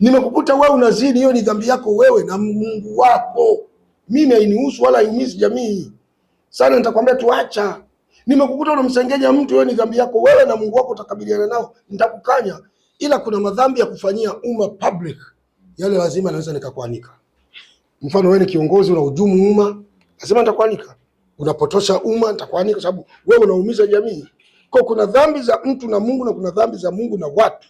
nimekukuta wewe unazini, hiyo ni dhambi yako wewe na Mungu wako. Mimi hainihusu wala haiumizi jamii sana, nitakwambia tuacha. Nimekukuta unamsengenya mtu, hiyo ni dhambi yako wewe na Mungu wako, utakabiliana nao, nitakukanya. Ila kuna madhambi ya kufanyia umma public, yale lazima naweza nikakuanika. Mfano wewe ni kiongozi, unahujumu umma, lazima nitakuanika. Unapotosha umma, nitakuanika, sababu wewe unaumiza jamii. Kwa kuna dhambi za mtu na Mungu na kuna dhambi za Mungu na watu.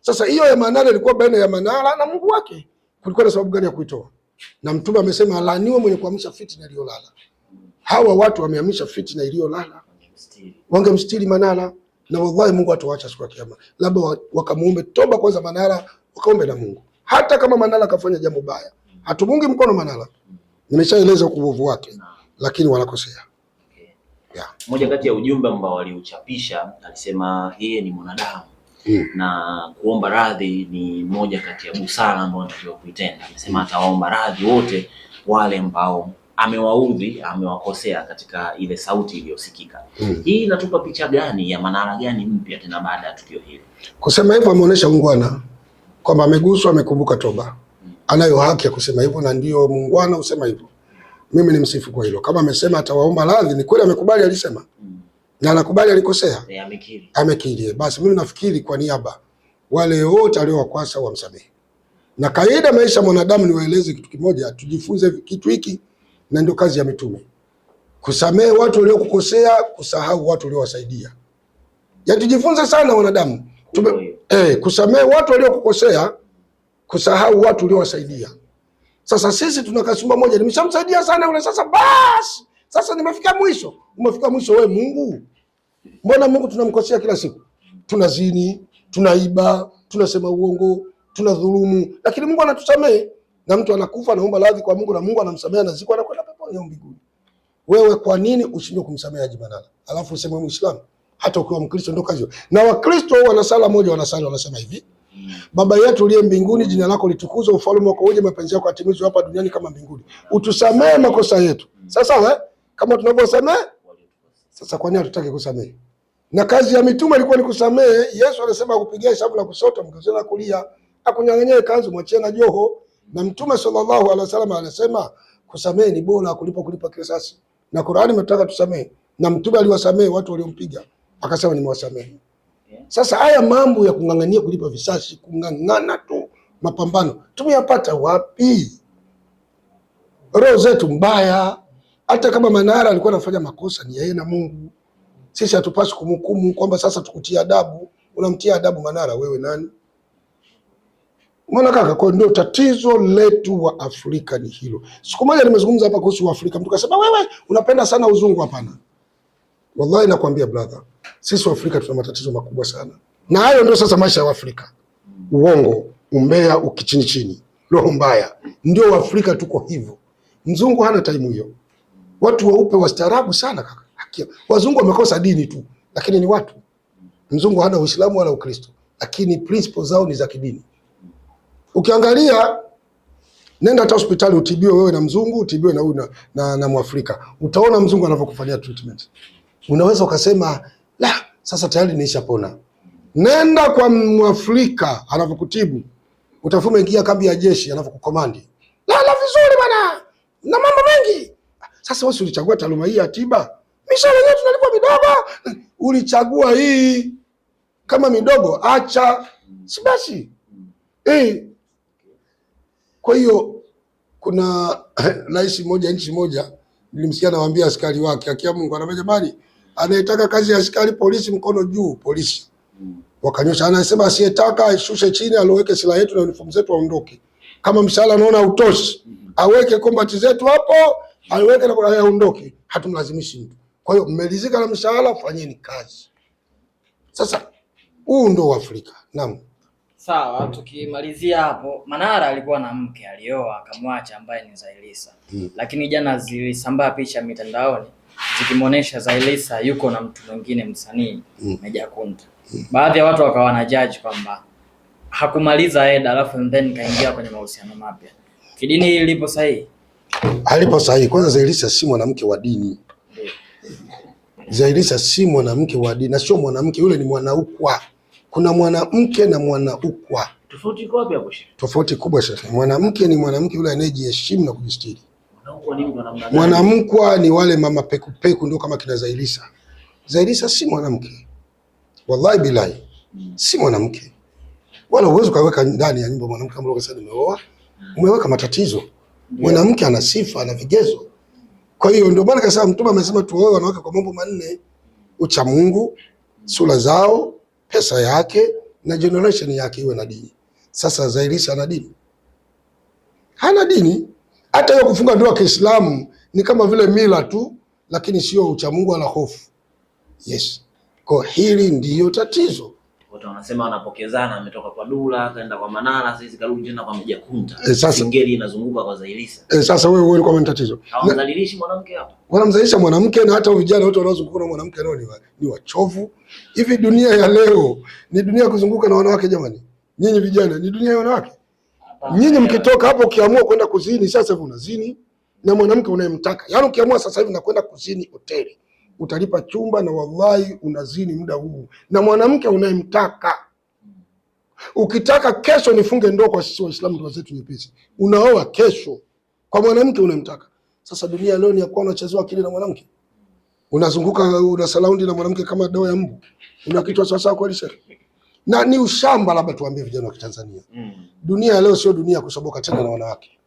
Sasa hiyo ya Manara ilikuwa baina ya Manara na Mungu wake, kulikuwa na sababu gani ya kuitoa? Na Mtume amesema alaniwe mwenye kuamsha fitina iliyolala. Hawa watu wameamsha fitina iliyolala, wangemstiri Manara na wallahi, Mungu atawaacha siku ya Kiyama. Labda wakamuombe toba kwanza Manara, wakaombe na Mungu. Hata kama Manara kafanya jambo baya, hatumungi mkono Manara, nimeshaeleza ukubovu wake, lakini wanakosea yeah. Moja kati ya ujumbe ambao waliuchapisha alisema yeye ni mwanadamu Mm. na kuomba radhi ni moja kati ya busara ambayo anatakiwa kuitenda. Amesema mm. ataomba radhi wote wale ambao amewaudhi, amewakosea katika ile sauti iliyosikika mm. Hii inatupa picha gani ya Manara gani mpya tena baada ya tukio hili? Kusema hivyo ameonyesha ungwana kwamba ameguswa, amekumbuka toba, mm. anayo haki ya kusema hivyo na ndio muungwana husema hivyo. Mimi ni msifu kwa hilo. Kama amesema atawaomba radhi, ni kweli amekubali, alisema na anakubali alikosea, eh, amekiri, Basi mimi nafikiri kwa niaba wale wote aliowakwasa wamsamehe. Na kaida maisha mwanadamu, niwaeleze kitu kimoja, tujifunze kitu hiki, na ndio kazi ya mitume, kusamehe watu waliokukosea, kusahau watu waliowasaidia. Ya tujifunze sana wanadamu Tume, eh, kusamehe watu waliokukosea, kusahau watu uliowasaidia. Sasa sisi tuna kasumba moja, nimeshamsaidia sana yule, sasa basi sasa nimefika mwisho. Umefika mwisho we Mungu? Mbona Mungu tunamkosea kila siku? Tunazini, tunaiba, tunasema uongo, tunadhulumu, lakini Mungu anatusamehe. Na mtu anakufa anaomba radhi kwa Mungu na Mungu anamsamehe, anazikwa, anakwenda peponi au mbinguni. Wewe kwa nini ushindwe kumsamehe Haji Manara? Alafu useme Muislamu, hata ukiwa Mkristo ndio kazi. Na Wakristo wana sala moja, wanasali wanasema hivi: Baba yetu uliye mbinguni, jina lako litukuzwe, ufalme wako uje, mapenzi yako atimizwe hapa duniani kama mbinguni. Utusamehe makosa yetu. Sasa eh? kama tunavyosamehe. Sasa kwa nini hatutaki kusamehe? Na kazi ya mitume ilikuwa ni kusamehe. Yesu alisema akupigia hesabu la kushoto, mkazana na kulia, akunyang'anyia kanzu, mwachie na joho. Na mtume sallallahu alaihi wasallam alisema kusamehe ni bora kulipo kulipa kisasi, na Qur'ani imetaka tusamehe, na mtume aliwasamehe watu waliompiga, akasema nimewasamehe. Sasa haya mambo ya kung'ang'ania kulipa visasi, kung'ang'ana tu mapambano tumeyapata wapi? Roho zetu mbaya hata kama Manara alikuwa anafanya makosa, ni yeye na Mungu. Sisi hatupaswi kumhukumu kwamba sasa tukutia adabu. Unamtia adabu Manara, wewe nani? Mwana kaka, kwa ndio tatizo letu wa Afrika ni hilo. Siku moja nimezungumza hapa kuhusu Afrika, mtu kasema wewe unapenda sana uzungu. Hapana, wallahi nakwambia brother, sisi wa Afrika tuna matatizo makubwa sana, na hayo ndio sasa maisha ya wa Afrika. uongo, umbea, ukichini chini, roho mbaya. Ndio wa Afrika tuko hivyo. Mzungu hana taimu hiyo. Watu weupe wastaarabu sana kaka. Hakia. Wazungu wamekosa dini tu, lakini ni watu. Mzungu hana Uislamu wala Ukristo, lakini principles zao ni za kidini. Ukiangalia, nenda hata hospitali utibiwe wewe na mzungu, utibiwe na na, na, na Mwafrika. Utaona mzungu anavyokufanyia treatment. Unaweza ukasema, la, sasa tayari nishapona. Nenda kwa Mwafrika anavyokutibu. Utafuma ingia kambi ya jeshi anavyokukomandi. La, la vizuri bwana. Na mama sasa wewe ulichagua taaluma hii ya tiba, mishahara yetu tunalipwa midogo, ulichagua hii kama midogo, acha si basi eh. Kwa hiyo kuna rais mmoja nchi moja nilimsikia anawaambia askari wake, akia Mungu anaambia, jamani, anayetaka kazi ya askari polisi mkono juu, polisi wakanyosha. Anasema asiyetaka ashushe chini, aloweke silaha yetu na uniform zetu, aondoke. Kama mshahara anaona utoshi, aweke kombati zetu hapo aiweke na kula aondoke, hatumlazimishi mtu. Kwa hiyo mmelizika na mshahara, fanyeni kazi. Sasa huu ndo Afrika. Naam. Sawa, tukimalizia hapo, Manara alikuwa na mke alioa akamwacha, ambaye ni Zailisa hmm. Lakini jana zilisambaa picha mitandaoni zikimonesha Zailisa yuko na mtu mwingine msanii hmm. Meja Kunta hmm. Baadhi ya watu wakawa na judge kwamba hakumaliza eda, alafu then kaingia kwenye mahusiano mapya. Kidini hili lipo sahihi? halipo sahihi. Kwanza Zaiylisa si mwanamke wa dini. Zaiylisa si mwanamke wa dini na sio mwanamke yule, ni mwanaukwa. Kuna mwanamke na mwanaukwa, tofauti iko wapi hapo shehe? Tofauti kubwa shehe. Mwanamke ni mwanamke yule anayejiheshimu na kujistiri. Mwanamkwa ni wale mama pekupeku, ndio kama kina Zaiylisa. Zaiylisa si mwanamke, wallahi bilahi, si mwanamke, wala uwezo kaweka ndani ya nyumba mwanamke kama umeoa, umeweka matatizo mwanamke ana sifa na vigezo. Kwa hiyo ndio maana kasema Mtume amesema tuoe wanawake kwa mambo manne: ucha Mungu, sura zao, pesa yake na generation yake iwe na dini. Sasa Zailisa ana dini? Hana dini. Hata hiyo kufunga ndoa Kiislamu ni kama vile mila tu, lakini sio ucha Mungu wala hofu. Yes, kwa hili ndiyo tatizo wote wanasema wanapokezana, ametoka kwa Dula kaenda kwa Manara, sasa karudi tena kwa Mjakunta. E, eh, sasa singeli inazunguka kwa Zailisa. E, sasa wewe wewe ulikuwa mtatizo. Hawamdhalilishi mwanamke hapo. Wanamzalisha mwanamke na hata vijana wote wanaozunguka na mwanamke nao ni, wa, ni wachovu. Hivi dunia ya leo ni dunia ya kuzunguka na wanawake jamani? Nyinyi vijana ni dunia ya wanawake. Nyinyi mkitoka hapo ukiamua kwenda kuzini sasa hivi unazini na mwanamke unayemtaka. Yaani ukiamua sasa hivi nakwenda kuzini hoteli utalipa chumba, na wallahi unazini muda huu na mwanamke unayemtaka. Ukitaka kesho nifunge ndoa, kwa sisi Waislamu ndoa zetu nyepesi, unaoa kesho kwa mwanamke unayemtaka. Sasa dunia leo ni yakuwa unachezewa akili na mwanamke, unazunguka una salaundi na mwanamke kama dawa ya mbu, una kichwa sawa kweli shekhi? Na ni ushamba, labda tuambie vijana wa Kitanzania, mm. dunia leo sio dunia ya kusoboka tena na wanawake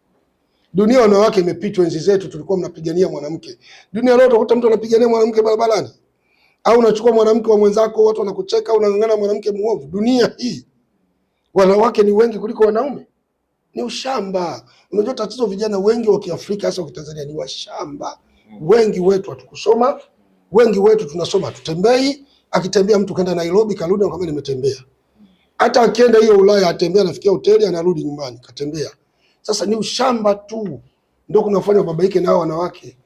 Dunia wanawake imepitwa. Enzi zetu tulikuwa mnapigania mwanamke. Dunia leo utakuta mtu anapigania mwanamke barabarani, au unachukua mwanamke wa mwenzako, watu wanakucheka, unang'ang'ana mwanamke muovu. Dunia hii wanawake ni wengi kuliko wanaume. Ni ushamba. Unajua tatizo, vijana wengi wa Kiafrika hasa wa Kitanzania ni washamba. Wengi wetu hatukusoma, wengi wetu tunasoma tutembei. Akitembea mtu kaenda Nairobi, karudi anakwambia nimetembea. Hata akienda hiyo Ulaya atembea, anafikia hoteli, anarudi nyumbani, katembea. Sasa ni ushamba tu ndio kunafanya babaike nao wanawake.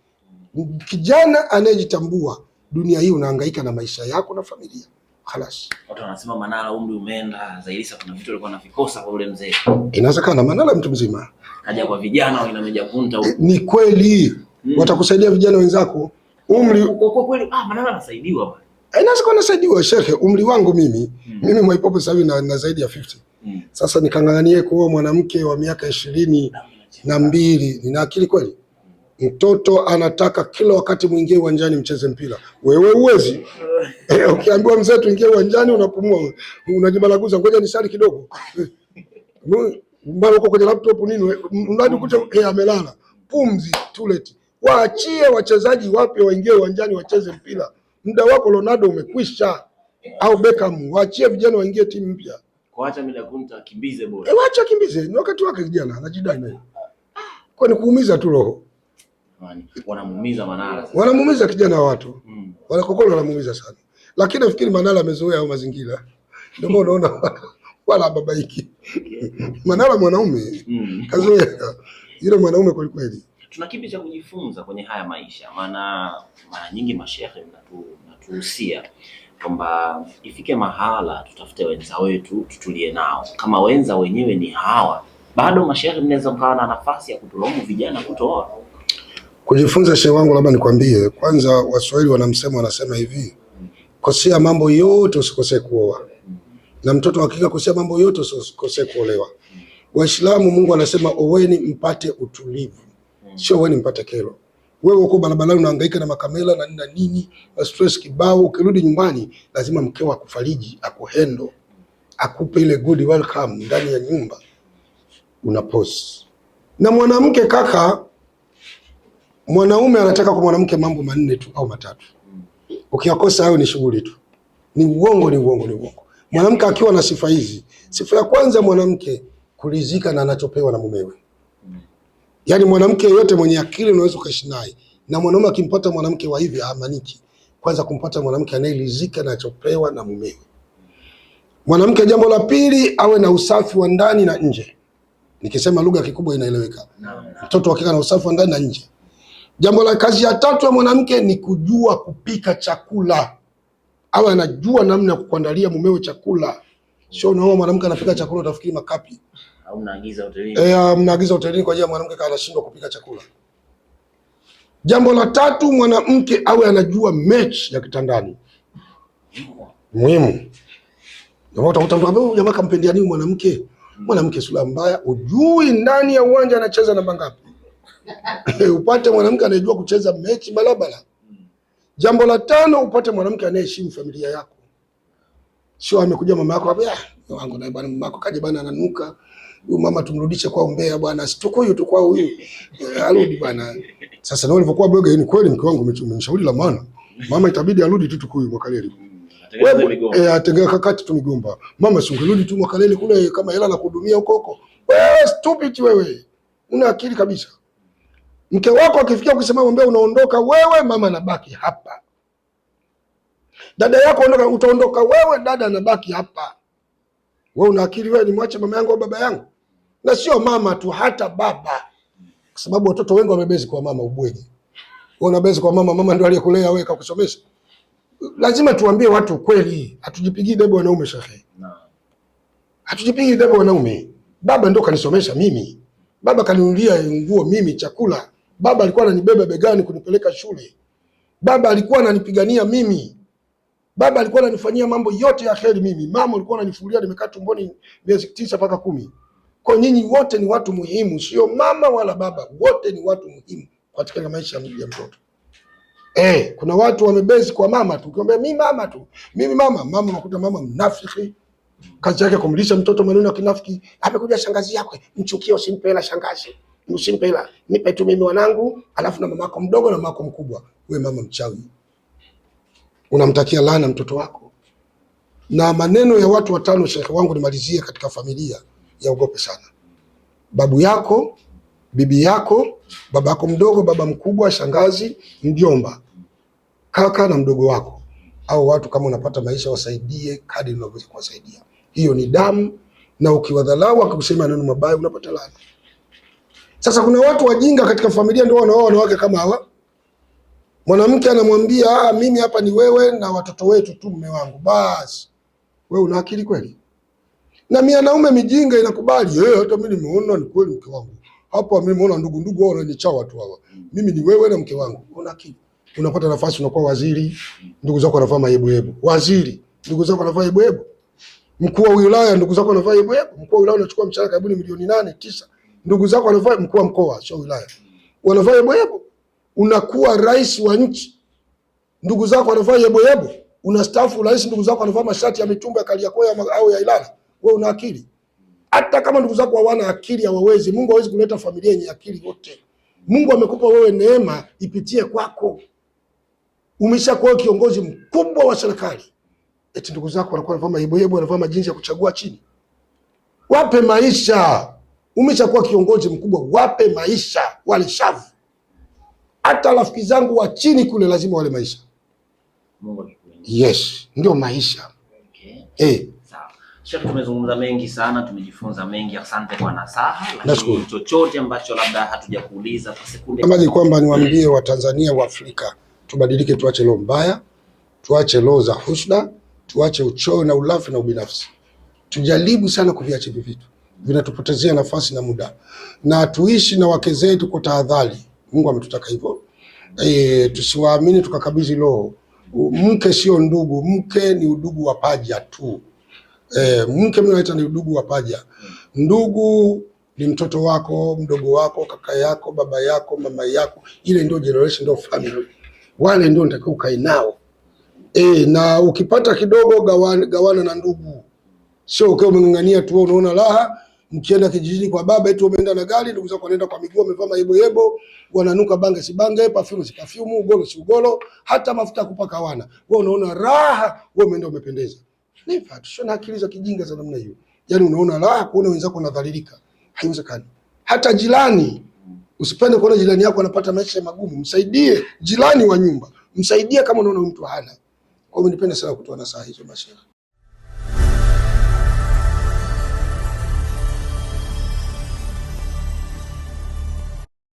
Kijana anayejitambua dunia hii, unahangaika na maisha yako na familia Halas. Watu wanasema Manara umri umeenda, Zailisa kuna vitu alikuwa anavikosa kwa yule mzee. Inawezekana Manara mtu mzima. Kaja kwa vijana wengine inameja punta huko. E, ni kweli. Mm. Watakusaidia vijana wenzako. Umri kwa kweli ah, Manara anasaidiwa bwana. Eh, Inawezekana anasaidiwa shehe, umri wangu mimi. Mm. Mimi Mwaipopo sasa hivi na, na zaidi ya 50. Sasa nikang'ang'anie kuwa mwanamke wa miaka ishirini na mbili, nina akili kweli? Mtoto anataka kila wakati mwingie uwanjani mcheze mpira, wewe uwezi. Eh, ukiambiwa mzee tuingie uwanjani unapumua, unajibalaguza, ngoja nisali kidogo mbona uko kwenye laptop nini, mradi ukute eh, amelala pumzi tuleti. Waachie wachezaji wapya waingie uwanjani wacheze mpira. Muda wako Ronaldo umekwisha, au Beckham, waachie vijana waingie timu mpya. Kuacha mimi nakunta kimbize bora. Eh, acha kimbize. Ni wakati wake kijana, anajidai naye. Kwa ni kuumiza tu roho. Yaani, wanamuumiza Manara. Wanamuumiza kijana watu. Mm. Wanakokolo wanamuumiza sana. Lakini nafikiri Manara amezoea hayo mazingira. Ndio maana unaona wala babaiki. Manara mwanaume. Mm. Kazoea. Yule mwanaume kwa kweli. Tuna kipi cha kujifunza kwenye haya maisha? Maana mara nyingi mashehe mnatuhusia mnatu kwamba ifike mahala tutafute wenza wetu tutulie nao. Kama wenza wenyewe ni hawa, bado mashehe, mnaweza mkawa na nafasi ya kutulaumu vijana kutoa kujifunza. Shehe wangu, labda nikwambie kwanza, Waswahili wanamsema, wanasema hivi, kosea mambo yote usikosee kuoa, na mtoto wa kike kosea mambo yote usikosee kuolewa. Waislamu, Mungu anasema oweni mpate utulivu, sio oweni mpate kero. Wewe uko barabarani unahangaika na makamela na nini na nini, stress kibao. Ukirudi nyumbani, lazima mkeo akufariji, akuhendo, akupe ile good welcome ndani ya nyumba, una post. Na mwanamke kaka, mwanaume anataka kwa mwanamke mambo manne tu au matatu, ukiyakosa hayo ni shughuli tu, ni uongo, ni uongo, ni uongo. Mwanamke akiwa na sifa hizi, sifa ya kwanza, mwanamke kuridhika na anachopewa na mumewe Yaani mwanamke yeyote mwenye akili unaweza ukaishi naye, na mwanaume akimpata mwanamke wa hivi haamaniki. Kwanza kumpata mwanamke anayelizika na anachopewa na mumewe. Mwanamke, jambo la pili, awe na usafi wa ndani na nje. Nikisema lugha kikubwa inaeleweka, mtoto wake na usafi wa ndani na nje. Jambo la kazi ya tatu ya mwanamke ni kujua kupika chakula, awe anajua namna ya kukuandalia mumewe chakula. Sio unaona mwanamke anapika chakula utafikiri makapi au mnaagiza hotelini? Eh, mnaagiza hotelini kwa ajili ya mwanamke kana anashindwa kupika chakula. Jambo la tatu, mwanamke awe anajua mechi ya kitandani, muhimu. Utakuta mtu ambaye jamaa kampendia nini mwanamke, mwanamke sura mbaya, ujui ndani ya uwanja anacheza namba ngapi. Upate mwanamke anayejua kucheza mechi balabala. Jambo la tano, upate mwanamke anayeheshimu familia yako, sio amekuja mama yako, ah, wangu na bwana, mama yako kaje bwana, ananuka huyu mama tumrudishe kwa umbea bwana, situko huyu tukwa huyu eh, arudi bwana. Sasa na ulivyokuwa bega, ni kweli mke wangu umemshauri la maana, mama itabidi arudi tu tukuyu mwaka leli wewe eh, atengeka kakati tu migomba, mama si ungerudi tu mwaka leli kule, kama hela na kuhudumia huko huko. Wewe stupid wewe, una akili kabisa? Mke wako akifikia ukisema umbea unaondoka wewe, mama anabaki hapa. Dada yako ondoka, utaondoka wewe, dada anabaki hapa. We una akili wewe, nimwache mama yangu au baba yangu? Na sio mama tu, hata baba, kwa sababu watoto wengi wamebezi kwa mama. Ubweje wewe unabezi kwa mama? Mama ndio aliyekulea wewe, kakusomesha. Lazima tuambie watu ukweli, hatujipigii debe wanaume shekhe, hatujipigii debe wanaume. Baba ndio kanisomesha mimi, baba kaninunulia nguo mimi, chakula. Baba alikuwa ananibeba begani kunipeleka shule. Baba alikuwa ananipigania mimi Baba alikuwa ananifanyia mambo yote ya heri mimi. Mama alikuwa ananifulia nimekaa tumboni miezi tisa mpaka kumi. Kwa nyinyi wote ni watu muhimu, sio mama wala baba, wote ni watu muhimu katika maisha ya mtoto. Eh, kuna watu wamebezi kwa mama tu. Ukiambia mimi mama tu. Mimi mama, mama unakuta mama mnafiki. Kazi yake kumlisha mtoto maneno ya kinafiki. Amekuja shangazi yake, mchukie, usimpe hela shangazi. Usimpe hela. Nipe tu mimi wanangu, alafu na mamako mdogo na mamako mkubwa. Wewe mama mchawi unamtakia laana mtoto wako. Na maneno ya watu watano, shekhe wangu, nimalizie katika familia, yaogope sana babu yako, bibi yako, baba yako mdogo, baba mkubwa, shangazi, mjomba, kaka na mdogo wako. Au watu kama unapata maisha, wasaidie kadri unavyoweza kuwasaidia. Hiyo ni damu, na ukiwadhalau akikusema neno mabaya unapata laana. Sasa kuna watu wajinga katika familia, ndio wanaoa wanawake kama hawa Mwanamke anamwambia ah, mimi hapa ni wewe na watoto wetu tu, mume wangu. Basi wewe una akili kweli? Na mimi anaume mijinga inakubali eh, hata mimi nimeona ni kweli, mke wangu hapa, mimi nimeona ndugu ndugu wao wananicha watu hawa, mimi ni wewe na mke wangu. Una akili? Unapata nafasi unakuwa waziri, ndugu zako wanafanya mahebu hebu, waziri ndugu zako wanafanya hebu hebu, mkuu wa wilaya ndugu zako wanafanya hebu hebu, mkuu wa wilaya anachukua mshahara karibu milioni nane tisa, ndugu zako wanafanya, mkuu wa mkoa sio wilaya, wanafanya hebu hebu unakuwa rais wa nchi, ndugu zako wanavaa yeboyebo, unastaafu rais, ndugu zako wanavaa mashati ya mitumba ya Kariakoo au ya Ilala, wewe una akili? Hata kama ndugu zako hawana akili, hawawezi. Mungu hawezi kuleta familia yenye akili wote. Mungu amekupa wewe neema, ipitie kwako. Umeshakuwa kiongozi mkubwa wa serikali, eti ndugu zako wanakuwa wanavaa yeboyebo, wanavaa majinsi ya kuchagua chini. Wape maisha. Umeshakuwa kiongozi mkubwa, wape maisha walishavu hata rafiki zangu wa chini kule lazima wale maisha. Mungu yes, ndio maisha okay. Eh. Sasa Tumezungumza mengi sana, tumejifunza mengi. Asante kwa nasaha, lakini chochote ambacho labda hatujakuuliza kwa sekunde, kama ni kwamba niwaambie Watanzania wa Afrika tubadilike, tuache roho mbaya, tuache roho za husda, tuache uchoyo na ulafi na ubinafsi. Tujaribu sana kuviacha hivi vitu, vinatupotezea nafasi na muda, na tuishi na wake zetu kwa tahadhari. Mungu ametutaka hivyo e, tusiwaamini tukakabidhi roho. Mke sio ndugu, mke ni udugu wa paja tu e, mke mimi naita ni udugu wa paja. Ndugu ni mtoto wako, mdogo wako, kaka yako, baba yako, mama yako, ile ndio generation, ndio family, wale ndio nitakao ukae nao e, na ukipata kidogo gawana, gawana na ndugu, sio ukiwa umeng'ang'ania tu unaona raha mkienda kijijini kwa baba eti umeenda na gari, ndugu zako wanaenda kwa miguu, wamevaa maebo yebo, wananuka bange si bange, perfume si perfume, ugolo si ugolo, hata mafuta kupaka wana. Wewe unaona raha, wewe umeenda umependeza. Nipa tusio na akili za kijinga za namna hiyo. yani unaona raha kuona wenzako wanadhalilika. Haiwezekani. Hata jirani usipende kuona jirani yako anapata maisha magumu, msaidie jirani wa nyumba, msaidie kama unaona mtu hana. Kwa hiyo nipende sana kutoa nasaha hizo mashaikh.